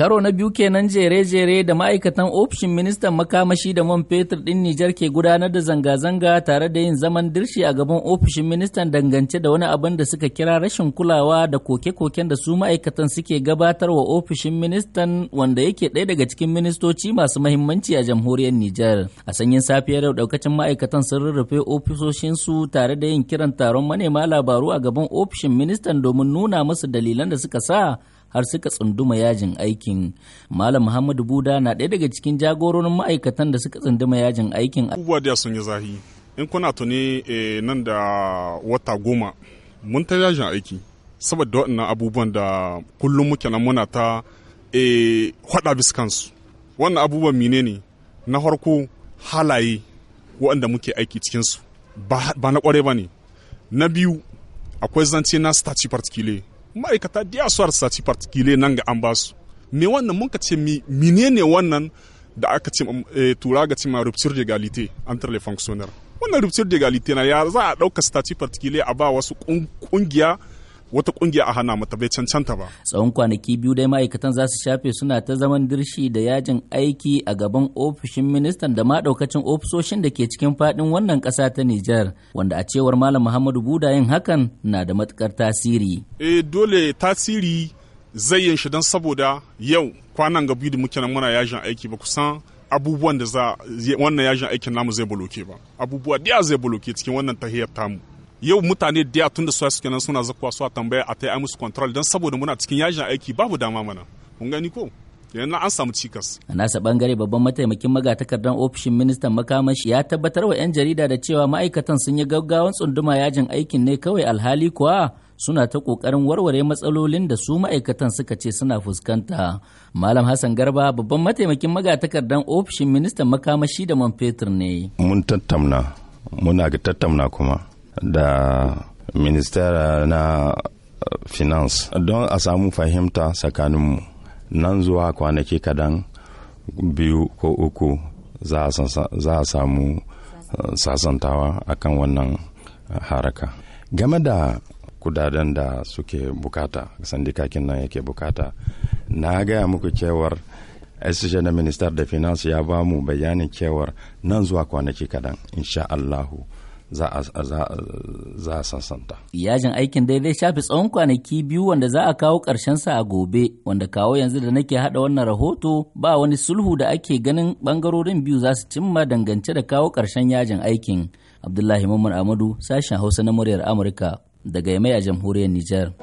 Karo na biyu kenan jere-jere da ma'aikatan ofishin ministan makamashi da man fetur ɗin Nijar ke gudanar da zanga-zanga tare da yin zaman dirshi a gaban ofishin ministan dangance da wani abin da suka kira rashin kulawa da koke-koken da su ma'aikatan suke gabatar wa ofishin ministan wanda yake ɗaya daga cikin ministoci masu mahimmanci a jamhuriyar Nijar. A sanyin safiyar yau ɗaukacin ma'aikatan sun rurrufe ofisoshinsu tare da yin kiran taron manema labaru a gaban ofishin ministan domin nuna musu dalilan da suka sa har suka tsunduma yajin aikin malam muhammadu buda na ɗaya daga cikin jagororin ma'aikatan da suka tsunduma yajin aikin abubuwa da sun yi zahi in kuna tuni eh, nan da wata goma mun ta yajin aiki saboda waɗannan abubuwan da kullum muke nan muna ta haɗa eh, biskansu wannan abubuwan mine ne na farko halaye waɗanda muke aiki cikinsu ba na ƙware ba ne na biyu akwai zance na stati particular ma'aikata da su sati partikile nan ga an ba su me wannan mun ka ce mine ne wannan da aka ce eh, tura ga cima rupture d'égalité entre les fonctionnaires wannan rupture d'égalité na ya za a ɗauka stati particulier a ba wasu ƙungiya wata kungiya a hana mata bai cancanta ba. Tsawon kwanaki biyu dai ma'aikatan za su shafe suna ta zaman dirshi da yajin aiki a gaban ofishin ministan da maɗaukacin ofisoshin da ke cikin faɗin wannan kasa ta Nijar, wanda a cewar Malam Muhammadu Buda yin hakan na da matuƙar tasiri. Eh dole tasiri zai yin shi don saboda yau kwanan ga biyu da muke nan muna yajin aiki ba kusan abubuwan da za wannan yajin aikin namu zai boloke ba abubuwa da zai boloke cikin wannan tahiyar tamu yau mutane da tun da suwa suke nan suna zakuwa suwa tambaya a ta yi musu kontrol don saboda muna cikin yajin aiki babu dama mana kun gani ko yanzu an samu cikas. A nasa bangare babban mataimakin magatakardan ofishin ministan makamashi ya tabbatar wa 'yan jarida da cewa ma'aikatan sun yi gaggawan tsunduma yajin aikin ne kawai alhali kuwa suna ta kokarin warware matsalolin da su ma'aikatan suka ce suna fuskanta. Malam Hassan Garba babban mataimakin magatakardan ofishin ministan makamashi da man fetur ne. Mun tattamna, muna ga tattamna kuma. da ministera na finance don a samu fahimta tsakaninmu nan zuwa kwanaki kadan biyu ko uku za a samu eh, sasantawa a kan wannan haraka game da kudaden da suke bukata sandikakin nan yake bukata na gaya muku cewar SJ na minister da finance ya ba mu bayanin cewar nan zuwa kwanaki kadan insha Allahu za a sansanta. Yajin aikin dai zai shafi tsawon kwanaki biyu wanda za a kawo sa a gobe, wanda kawo yanzu da nake haɗa wannan rahoto ba wani sulhu da ake ganin ɓangarorin biyu za su cimma dangance da kawo ƙarshen yajin aikin. Abdullahi Muhammad Amadu, sashen Hausa na muryar Amurka, daga mai a jamhuriyar Nijar.